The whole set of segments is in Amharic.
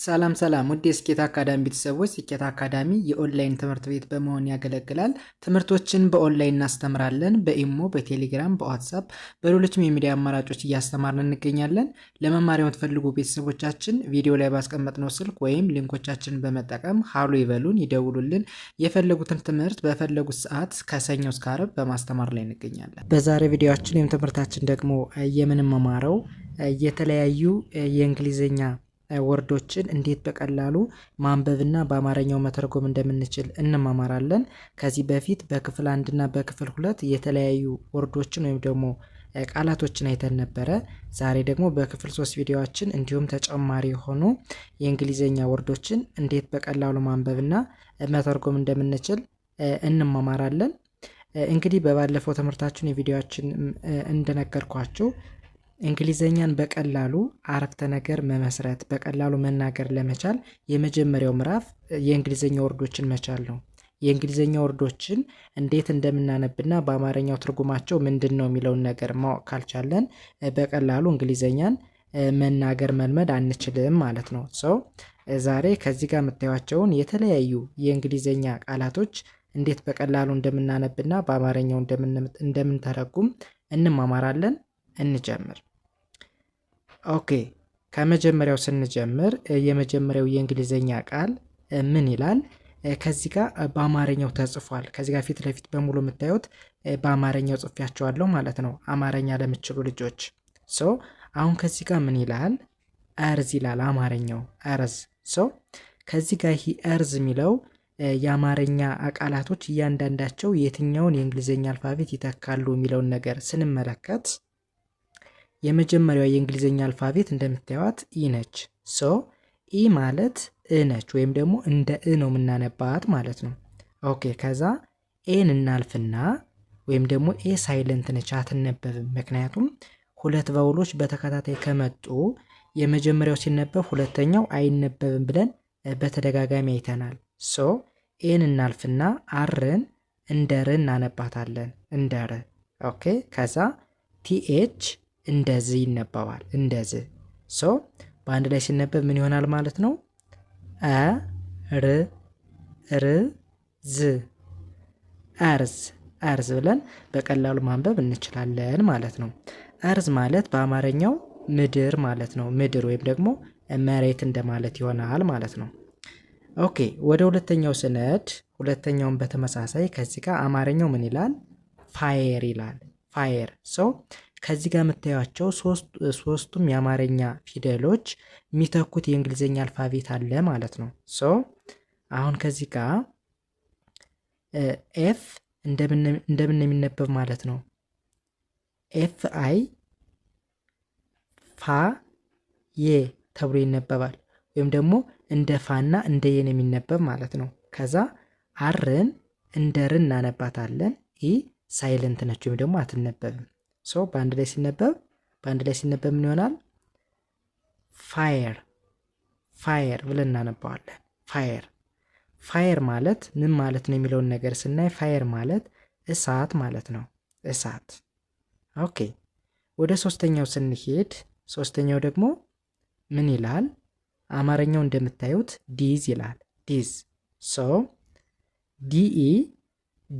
ሰላም ሰላም ውድ የስኬት አካዳሚ ቤተሰቦች፣ ስኬት አካዳሚ የኦንላይን ትምህርት ቤት በመሆን ያገለግላል። ትምህርቶችን በኦንላይን እናስተምራለን። በኢሞ፣ በቴሌግራም፣ በዋትሳፕ፣ በሌሎችም የሚዲያ አማራጮች እያስተማርን እንገኛለን። ለመማሪያ የምትፈልጉ ቤተሰቦቻችን ቪዲዮ ላይ ባስቀመጥነው ስልክ ወይም ሊንኮቻችንን በመጠቀም ሀሎ ይበሉን፣ ይደውሉልን። የፈለጉትን ትምህርት በፈለጉት ሰዓት ከሰኞ እስከ ዓርብ በማስተማር ላይ እንገኛለን። በዛሬ ቪዲዮችን ወይም ትምህርታችን ደግሞ የምንመማረው የተለያዩ የእንግሊዝኛ ወርዶችን እንዴት በቀላሉ ማንበብና በአማርኛው መተርጎም እንደምንችል እንማማራለን። ከዚህ በፊት በክፍል አንድና በክፍል ሁለት የተለያዩ ወርዶችን ወይም ደግሞ ቃላቶችን አይተን ነበረ። ዛሬ ደግሞ በክፍል ሶስት ቪዲዮችን እንዲሁም ተጨማሪ የሆኑ የእንግሊዝኛ ወርዶችን እንዴት በቀላሉ ማንበብና መተርጎም እንደምንችል እንማማራለን። እንግዲህ በባለፈው ትምህርታችን የቪዲዮችን እንደነገርኳችሁ እንግሊዘኛን በቀላሉ አረፍተ ነገር መመስረት በቀላሉ መናገር ለመቻል የመጀመሪያው ምዕራፍ የእንግሊዘኛ ወርዶችን መቻል ነው። የእንግሊዘኛ ወርዶችን እንዴት እንደምናነብና በአማርኛው ትርጉማቸው ምንድን ነው የሚለውን ነገር ማወቅ ካልቻለን በቀላሉ እንግሊዘኛን መናገር መልመድ አንችልም ማለት ነው። ሰው ዛሬ ከዚህ ጋር የምታዩቸውን የተለያዩ የእንግሊዘኛ ቃላቶች እንዴት በቀላሉ እንደምናነብና በአማርኛው እንደምንተረጉም እንማማራለን። እንጀምር። ኦኬ ከመጀመሪያው ስንጀምር የመጀመሪያው የእንግሊዘኛ ቃል ምን ይላል? ከዚህ ጋር በአማርኛው ተጽፏል። ከዚህ ጋር ፊት ለፊት በሙሉ የምታዩት በአማርኛው ጽፌያቸዋለሁ ማለት ነው። አማርኛ ለምችሉ ልጆች ሶ አሁን ከዚህ ጋር ምን ይላል? እርዝ ይላል አማርኛው እርዝ። ሶ ከዚህ ጋር ይህ እርዝ የሚለው የአማርኛ ቃላቶች እያንዳንዳቸው የትኛውን የእንግሊዝኛ አልፋቤት ይተካሉ የሚለውን ነገር ስንመለከት የመጀመሪያው የእንግሊዝኛ አልፋቤት እንደምታዩት ኢ ነች። ሶ ኢ ማለት እ ነች ወይም ደግሞ እንደ እ ነው የምናነባት ማለት ነው። ኦኬ ከዛ ኤን እናልፍና ወይም ደግሞ ኤ ሳይለንት ነች አትነበብም። ምክንያቱም ሁለት ቫውሎች በተከታታይ ከመጡ የመጀመሪያው ሲነበብ ሁለተኛው አይነበብም ብለን በተደጋጋሚ አይተናል። ሶ ኤን እናልፍና አርን እንደ ር እናነባታለን። እንደ ር ኦኬ ከዛ ቲኤች እንደዚህ ይነበባል። እንደዚህ ሶ በአንድ ላይ ሲነበብ ምን ይሆናል ማለት ነው? አ ር ር ዝ አርዝ አርዝ ብለን በቀላሉ ማንበብ እንችላለን ማለት ነው። አርዝ ማለት በአማርኛው ምድር ማለት ነው። ምድር ወይም ደግሞ መሬት እንደማለት ይሆናል ማለት ነው። ኦኬ ወደ ሁለተኛው ስነድ ሁለተኛውን በተመሳሳይ ከዚህ ጋር አማርኛው ምን ይላል? ፋየር ይላል። ፋየር ሶ ከዚህ ጋር የምታዩቸው ሶስቱም የአማርኛ ፊደሎች የሚተኩት የእንግሊዝኛ አልፋቤት አለ ማለት ነው። ሶ አሁን ከዚህ ጋር ኤፍ እንደምን የሚነበብ ማለት ነው። ኤፍ አይ ፋ ዬ ተብሎ ይነበባል። ወይም ደግሞ እንደ ፋና እንደ የን የሚነበብ ማለት ነው። ከዛ አርን እንደ ርን እናነባታለን። ይህ ሳይለንት ነች ወይም ደግሞ አትነበብም። ሰው በአንድ ላይ ሲነበብ በአንድ ላይ ሲነበብ ምን ይሆናል? ፋየር ፋየር ብለን እናነባዋለን። ፋየር ፋየር ማለት ምን ማለት ነው የሚለውን ነገር ስናይ ፋየር ማለት እሳት ማለት ነው። እሳት ኦኬ። ወደ ሶስተኛው ስንሄድ ሶስተኛው ደግሞ ምን ይላል? አማርኛው እንደምታዩት ዲዝ ይላል። ዲዝ ሶ ዲኢ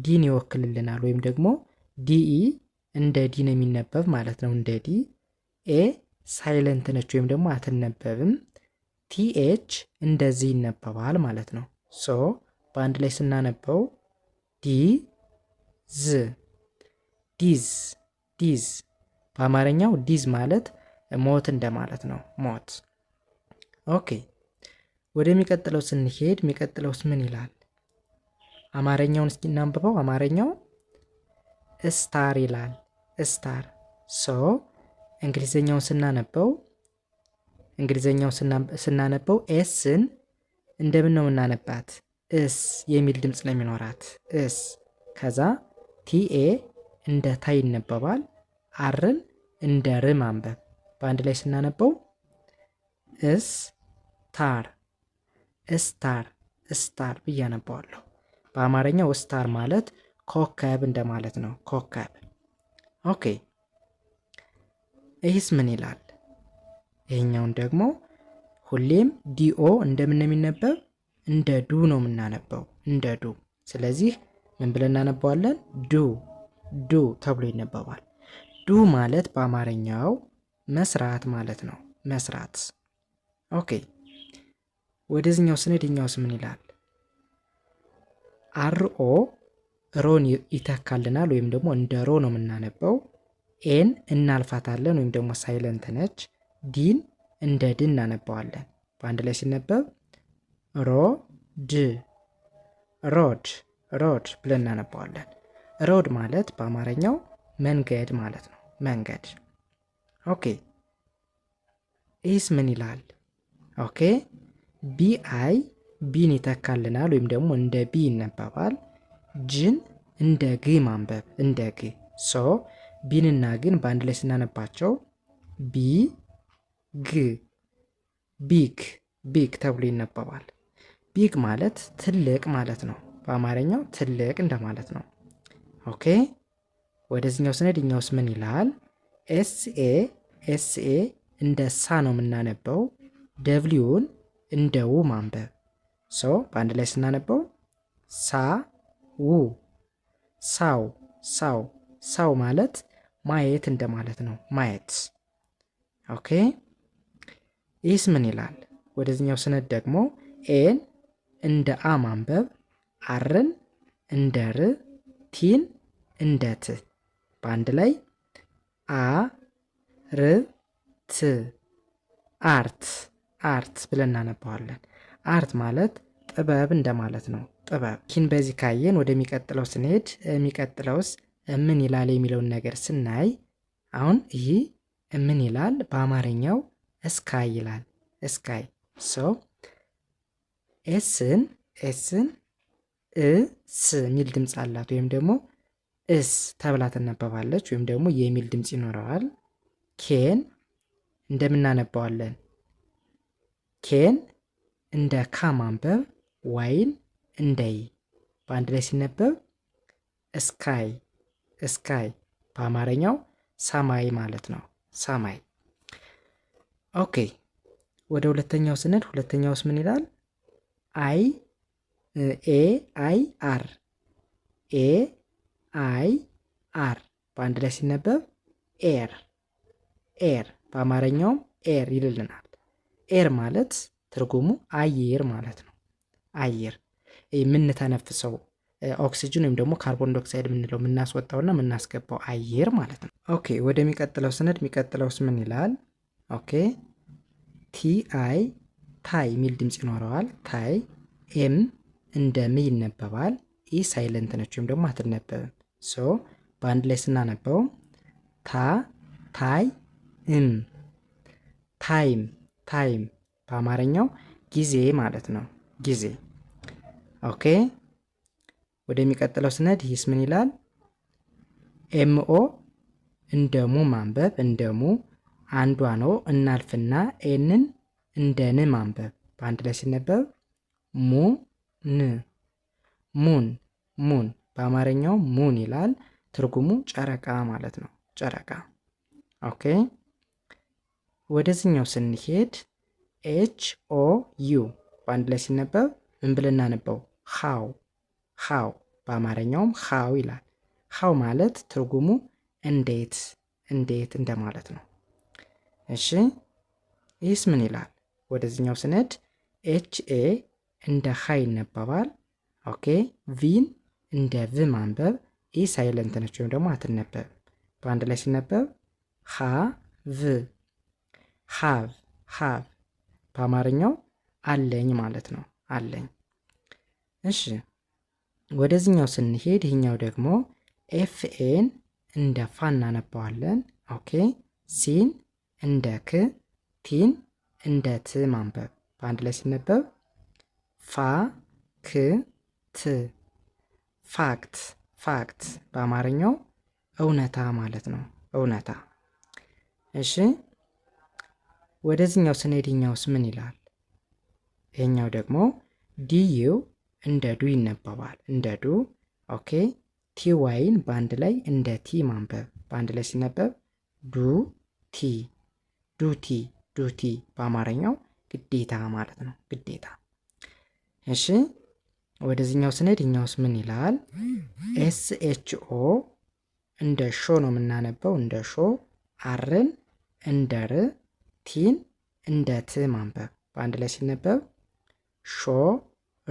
ዲን ይወክልልናል ወይም ደግሞ ዲኢ እንደ ዲ ነው የሚነበብ ማለት ነው። እንደ ዲ ኤ ሳይለንት ነች ወይም ደግሞ አትነበብም። ቲኤች እንደዚህ ይነበባል ማለት ነው። ሶ በአንድ ላይ ስናነበው ዲ ዝ ዲዝ ዲዝ በአማርኛው ዲዝ ማለት ሞት እንደማለት ነው። ሞት። ኦኬ ወደሚቀጥለው ስንሄድ የሚቀጥለውስ ምን ይላል? አማርኛውን እስኪ እናንብበው። አማርኛው እስታር ይላል። ስታር ሶ እንግሊዘኛውን ስናነበው እንግሊዘኛውን ስናነበው ኤስን እንደምን ነው የምናነባት? እስ የሚል ድምፅ ነው የሚኖራት። እስ ከዛ ቲኤ እንደ ታይ ይነበባል። አርን እንደ ር ማንበብ በአንድ ላይ ስናነበው እስ ታር እስታር እስታር ብዬ አነባዋለሁ። በአማርኛው ስታር ማለት ኮከብ እንደማለት ነው። ኮከብ ኦኬ ይህስ ምን ይላል? ይህኛውን ደግሞ ሁሌም ዲኦ እንደምን ነው የሚነበብ? እንደ ዱ ነው የምናነበው፣ እንደ ዱ። ስለዚህ ምን ብለን እናነበዋለን? ዱ ዱ ተብሎ ይነበባል። ዱ ማለት በአማርኛው መስራት ማለት ነው። መስራት። ኦኬ ወደዚህኛው ስንሄድ ኛውስ ምን ይላል? አርኦ ሮን ይተካልናል ወይም ደግሞ እንደ ሮ ነው የምናነበው። ኤን እናልፋታለን ወይም ደግሞ ሳይለንት ነች። ዲን እንደ ድ እናነበዋለን። በአንድ ላይ ሲነበብ ሮ ድ ሮድ ሮድ ብለን እናነበዋለን። ሮድ ማለት በአማርኛው መንገድ ማለት ነው። መንገድ ኦኬ። ይህስ ምን ይላል? ኦኬ ቢ አይ ቢን ይተካልናል ወይም ደግሞ እንደ ቢ ይነበባል። ጅን እንደ ግ ማንበብ እንደ ግ ሶ ቢንና ግን በአንድ ላይ ስናነባቸው ቢ ግ ቢግ ቢግ ተብሎ ይነበባል። ቢግ ማለት ትልቅ ማለት ነው። በአማርኛው ትልቅ እንደማለት ነው። ኦኬ ወደዚኛው ስነድ እኛውስ ምን ይላል? ኤስኤ ኤስኤ እንደ ሳ ነው የምናነበው። ደብሊውን እንደ ው ማንበብ ሶ በአንድ ላይ ስናነበው ሳ ው ሳው ሳው ሳው ማለት ማየት እንደማለት ነው። ማየት ኦኬ። ይህስ ምን ይላል? ወደዚኛው ስነት ደግሞ ኤን እንደ አ ማንበብ፣ አርን እንደ ር፣ ቲን እንደ ት በአንድ ላይ አ ር ት አርት አርት ብለን እናነባዋለን። አርት ማለት ጥበብ እንደማለት ነው። ጥበብ። ኪን በዚህ ካየን ወደሚቀጥለው ስንሄድ የሚቀጥለውስ ምን ይላል የሚለውን ነገር ስናይ አሁን ይህ ምን ይላል በአማርኛው እስካይ ይላል። እስካይ ሶ ኤስን ኤስን እስ የሚል ድምፅ አላት ወይም ደግሞ እስ ተብላ ትነበባለች ወይም ደግሞ የሚል ድምፅ ይኖረዋል። ኬን እንደምናነባዋለን ኬን እንደ ካ ማንበብ ዋይን እንደይ በአንድ ላይ ሲነበብ እስካይ እስካይ በአማርኛው ሰማይ ማለት ነው። ሰማይ። ኦኬ ወደ ሁለተኛው ስነድ ሁለተኛውስ ምን ይላል? አይ ኤ አይ አር ኤ አይ አር በአንድ ላይ ሲነበብ ኤር ኤር በአማርኛውም ኤር ይልልናል። ኤር ማለት ትርጉሙ አየር ማለት ነው። አየር የምንተነፍሰው ኦክሲጅን ወይም ደግሞ ካርቦን ዶክሳይድ የምንለው የምናስወጣውና የምናስገባው አየር ማለት ነው። ኦኬ ወደሚቀጥለው ስነድ የሚቀጥለውስ ምን ይላል? ኦኬ ቲ አይ ታይ የሚል ድምፅ ይኖረዋል። ታይ ኤም እንደ ም ይነበባል። ኢ ሳይለንት ነች ወይም ደግሞ አትነበብም። ሶ በአንድ ላይ ስናነበው ታ ታይ እም ታይም ታይም በአማርኛው ጊዜ ማለት ነው ጊዜ ኦኬ ወደሚቀጥለው ስነድ ይህስ ምን ይላል? ኤምኦ ሙ ማንበብ እንደሙ አንዷ ነው እናልፍና ኤንን እንደ ን ማንበብ በአንድ ላይ ሲነበብ ሙ ን ሙን ሙን በአማርኛው ሙን ይላል። ትርጉሙ ጨረቃ ማለት ነው። ጨረቃ ኦኬ። ወደዚህኛው ስንሄድ ኤች ኦ ዩ በአንድ ላይ ሲነበብ ምን ብለን እናነበው? ሃው ሃው በአማርኛውም ሃው ይላል። ሃው ማለት ትርጉሙ እንዴት እንዴት እንደማለት ነው። እሺ ይህስ ምን ይላል? ወደዚኛው ስነድ ኤች ኤ እንደ ሃ ይነበባል። ኦኬ ቪን እንደ ቭ ማንበብ ኢ ሳይለንት ነች ወይም ደግሞ አትነበብ። በአንድ ላይ ሲነበብ ሃ ቭ ሃቭ ሃቭ በአማርኛው አለኝ ማለት ነው። አለኝ እሺ ወደዚህኛው ስንሄድ ይህኛው ደግሞ ኤፍኤን እንደ ፋ እናነባዋለን። ኦኬ ሲን እንደ ክ ቲን እንደ ት ማንበብ በአንድ ላይ ሲነበብ ፋ ክ ት ፋክት ፋክት በአማርኛው እውነታ ማለት ነው። እውነታ። እሺ ወደዚህኛው ስንሄድ ኛውስ ምን ይላል? ይህኛው ደግሞ ዲዩ እንደ ዱ ይነበባል። እንደ ዱ ኦኬ። ቲ ዋይን በአንድ ላይ እንደ ቲ ማንበብ፣ በአንድ ላይ ሲነበብ ዱ ቲ ዱቲ ዱቲ በአማርኛው ግዴታ ማለት ነው። ግዴታ። እሺ ወደዚህኛው ስንሄድ እኛውስ ምን ይላል? ኤስ ኤች ኦ እንደ ሾ ነው የምናነበው። እንደ ሾ አርን እንደ ር ቲን እንደ ት ማንበብ በአንድ ላይ ሲነበብ ሾ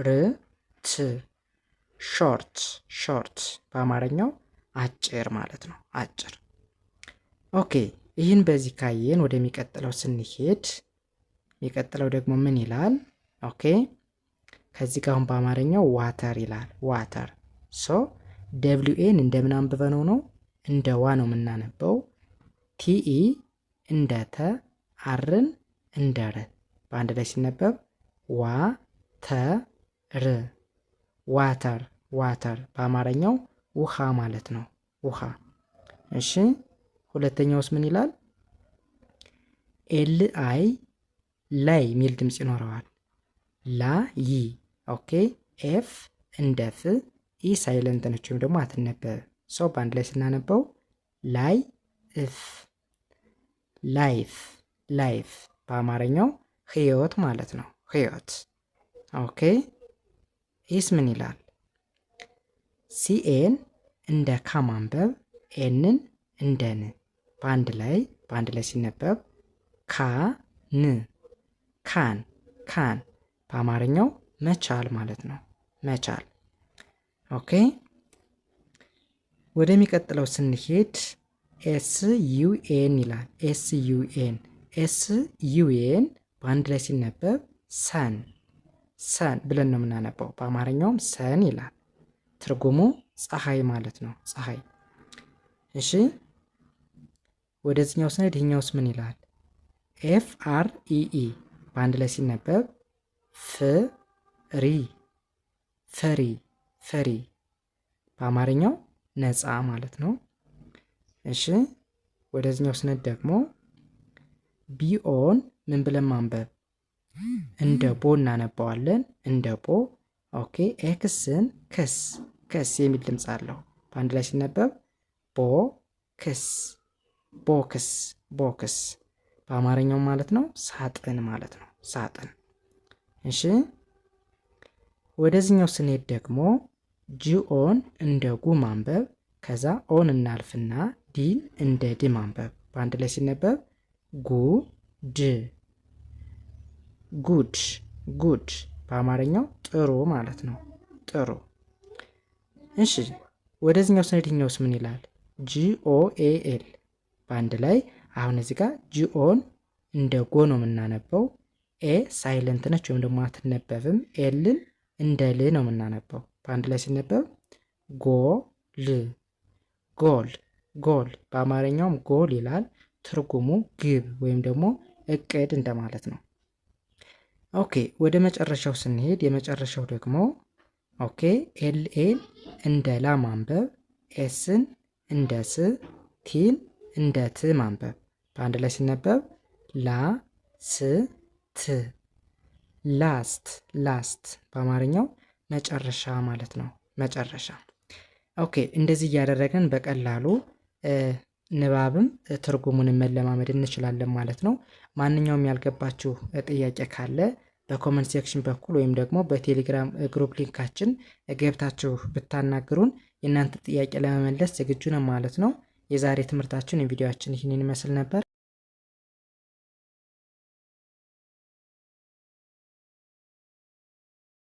ር ሾርት ሾርት በአማርኛው አጭር ማለት ነው። አጭር ኦኬ። ይህን በዚህ ካየን ወደሚቀጥለው ስንሄድ የሚቀጥለው ደግሞ ምን ይላል? ኦኬ ከዚህ ጋር አሁን በአማርኛው ዋተር ይላል። ዋተር ሶ ደብሊው ኤን እንደምን አንብበነው ነው? እንደ ዋ ነው የምናነበው። ቲኢ እንደ ተ፣ አርን እንደ ር፣ በአንድ ላይ ሲነበብ ዋ ተ ር ዋተር ዋተር በአማርኛው ውሃ ማለት ነው። ውሃ እሺ። ሁለተኛውስ ምን ይላል? ኤል አይ ላይ የሚል ድምፅ ይኖረዋል። ላ ይ ኦኬ። ኤፍ እንደ ፍ ኢ ሳይለንት ነች ወይም ደግሞ አትነበብ። ሰው በአንድ ላይ ስናነበው ላይ እፍ ላይፍ ላይፍ በአማርኛው ህይወት ማለት ነው። ህይወት ኦኬ። ኢስ ምን ይላል? ሲኤን እንደ ካ ማንበብ ኤንን እንደ ን በአንድ ላይ በአንድ ላይ ሲነበብ ካ ን ካን ካን በአማርኛው መቻል ማለት ነው። መቻል ኦኬ። ወደሚቀጥለው ስንሄድ ኤስ ዩኤን ይላል። ኤስ ዩኤን ኤስ ዩኤን በአንድ ላይ ሲነበብ ሰን ሰን ብለን ነው የምናነባው። በአማርኛውም ሰን ይላል። ትርጉሙ ፀሐይ ማለት ነው። ፀሐይ። እሺ ወደዚህኛው ስንሄድ ይህኛውስ ምን ይላል? ኤፍ አር ኢ ኢ በአንድ ላይ ሲነበብ ፍሪ፣ ፈሪ፣ ፈሪ በአማርኛው ነፃ ማለት ነው። እሺ ወደዚህኛው ስነድ ደግሞ ቢኦን ምን ብለን ማንበብ እንደ ቦ እናነባዋለን። እንደ ቦ። ኦኬ። ኤክስን ክስ ክስ የሚል ድምፅ አለው። በአንድ ላይ ሲነበብ ቦ ክስ ቦክስ ቦክስ በአማርኛው ማለት ነው ሳጥን ማለት ነው ሳጥን። እሺ ወደዚህኛው ስንሄድ ደግሞ ጂኦን እንደ ጉ ማንበብ፣ ከዛ ኦን እናልፍና ዲን እንደ ድ ማንበብ። በአንድ ላይ ሲነበብ ጉ ድ ጉድ ጉድ በአማርኛው ጥሩ ማለት ነው። ጥሩ። እሺ ወደዚህኛው ስንሄድኛውስ ምን ይላል? ጂኦኤኤል በአንድ ላይ አሁን እዚህ ጋር ጂኦን እንደ ጎ ነው የምናነበው። ኤ ሳይለንት ነች ወይም ደግሞ አትነበብም። ኤልን እንደ ል ነው የምናነበው። በአንድ ላይ ሲነበብ ጎ ል ጎል ጎል። በአማርኛውም ጎል ይላል። ትርጉሙ ግብ ወይም ደግሞ እቅድ እንደማለት ነው። ኦኬ ወደ መጨረሻው ስንሄድ የመጨረሻው ደግሞ ኦኬ ኤልኤን እንደ ላ ማንበብ፣ ኤስን እንደ ስ፣ ቲን እንደ ት ማንበብ። በአንድ ላይ ሲነበብ ላ ስ ት ላስት ላስት በአማርኛው መጨረሻ ማለት ነው። መጨረሻ ኦኬ። እንደዚህ እያደረገን በቀላሉ ንባብም ትርጉሙንም መለማመድ እንችላለን ማለት ነው። ማንኛውም ያልገባችሁ ጥያቄ ካለ በኮመንት ሴክሽን በኩል ወይም ደግሞ በቴሌግራም ግሩፕ ሊንካችን ገብታችሁ ብታናግሩን የእናንተ ጥያቄ ለመመለስ ዝግጁ ነው ማለት ነው። የዛሬ ትምህርታችን የቪዲዮችን ይህንን ይመስል ነበር።